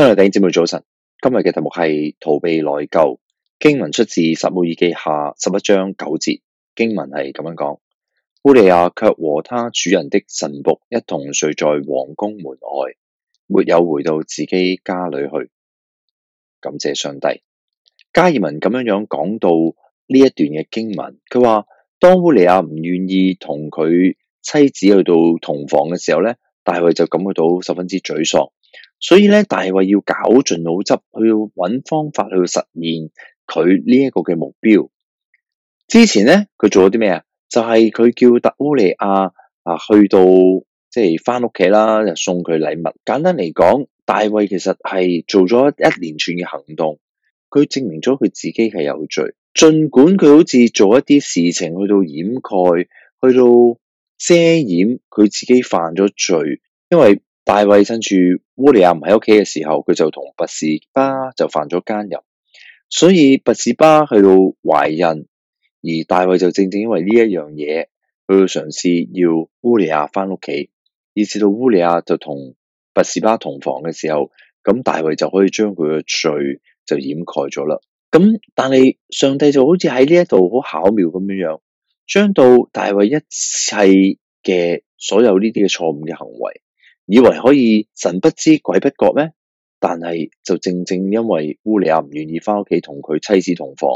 親愛的姐妹早晨，今日嘅題目係逃避內疚。經文出自《撒母耳記》下十一章九節。經文係咁樣講：烏利亞卻和他主人的神僕一同睡在皇宮門外，沒有回到自己家裏去。感謝上帝。加爾文咁樣樣講到呢一段嘅經文，佢話當烏利亞唔願意同佢妻子去到同房嘅時候咧，大衛就感覺到十分之沮喪。所以咧，大衛要絞盡腦汁去搵方法去實現佢呢一個嘅目標。之前咧，佢做咗啲咩啊？就係、是、佢叫烏利亞啊，去到即係返屋企啦，就送佢禮物。簡單嚟講，大衛其實係做咗一連串嘅行動，佢證明咗佢自己係有罪。盡管佢好似做一啲事情去到掩蓋，去到遮掩佢自己犯咗罪，因為。大衛趁住烏利亞唔喺屋企嘅時候，佢就同拔士巴就犯咗奸淫，所以拔士巴去到懷孕，而大衛就正正因為呢一樣嘢，去嘗試要烏利亞返屋企，以至到烏利亞就同拔士巴同房嘅時候，咁大衛就可以將佢嘅罪就掩蓋咗啦。咁但係上帝就好似喺呢一度好巧妙咁樣樣，將到大衛一切嘅所有呢啲嘅錯誤嘅行為。以為可以神不知鬼不覺咩？但係就正正因為烏利亞唔願意翻屋企同佢妻子同房，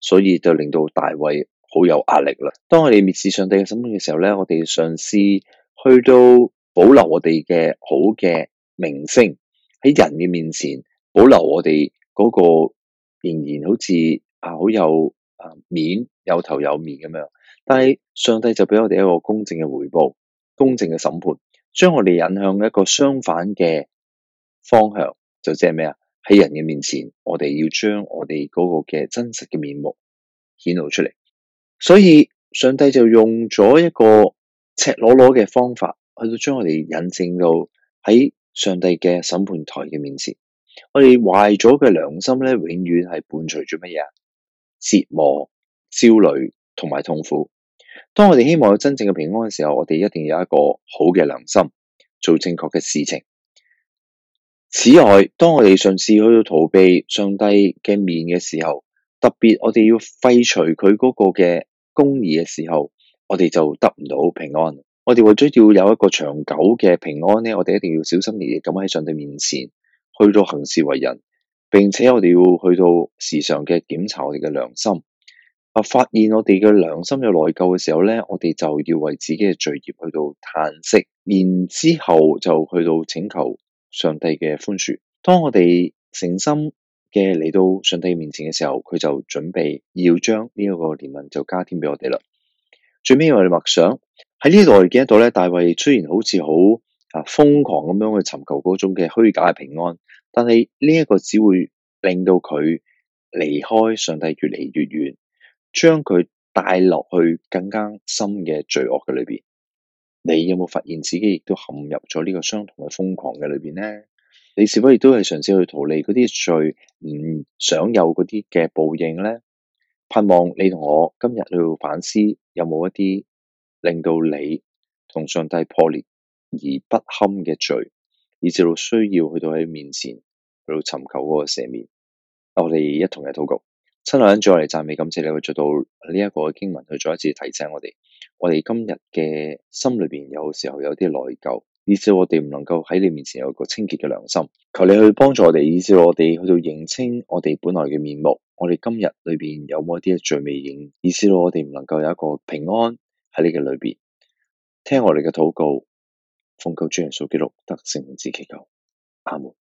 所以就令到大衛好有壓力啦。當我哋蔑視上帝嘅審判嘅時候咧，我哋嘗試去到保留我哋嘅好嘅名聲喺人嘅面前，保留我哋嗰個仍然好似啊好有啊面有頭有面咁樣，但係上帝就俾我哋一個公正嘅回報，公正嘅審判。將我哋引向一個相反嘅方向，就即係咩啊？喺人嘅面前，我哋要將我哋嗰個嘅真實嘅面目顯露出嚟。所以上帝就用咗一個赤裸裸嘅方法，去到將我哋引證到喺上帝嘅審判台嘅面前。我哋壞咗嘅良心呢，永遠係伴隨住乜嘢？折磨、焦慮同埋痛苦。當我哋希望有真正嘅平安嘅時候，我哋一定要有一個好嘅良心，做正確嘅事情。此外，當我哋嘗試去到逃避上帝嘅面嘅時候，特別我哋要廢除佢嗰個嘅公義嘅時候，我哋就得唔到平安。我哋為咗要有一個長久嘅平安咧，我哋一定要小心翼翼咁喺上帝面前去到行事為人，並且我哋要去到時常嘅檢查我哋嘅良心。啊！發現我哋嘅良心有內疚嘅時候咧，我哋就要為自己嘅罪孽去到嘆息，然之後就去到請求上帝嘅寬恕。當我哋誠心嘅嚟到上帝面前嘅時候，佢就準備要將呢一個憐憫就加添俾我哋啦。最尾我哋默想喺呢度，我哋見得到咧，大衛雖然好似好啊瘋狂咁樣去尋求嗰種嘅虛假嘅平安，但係呢一個只會令到佢離開上帝越嚟越遠。將佢帶落去更加深嘅罪惡嘅裏邊，你有冇發現自己亦都陷入咗呢個相同嘅瘋狂嘅裏邊咧？你是否亦都係嘗試去逃離嗰啲罪，唔想有嗰啲嘅報應咧？盼望你同我今日去反思，有冇一啲令到你同上帝破裂而不堪嘅罪，以至到需要去到喺面前去到尋求嗰個赦免。我哋一同嚟禱告。親愛人，再嚟讚美感謝你，去做到呢一個經文，去再一次提醒我哋，我哋今日嘅心裏邊有時候有啲內疚，以至我哋唔能夠喺你面前有個清潔嘅良心，求你去幫助我哋，以至我哋去到認清我哋本來嘅面目，我哋今日裏邊有冇一啲嘅罪未認，以至到我哋唔能夠有一個平安喺你嘅裏邊。聽我哋嘅禱告，奉救主耶穌基督得聖靈之祈求，阿門。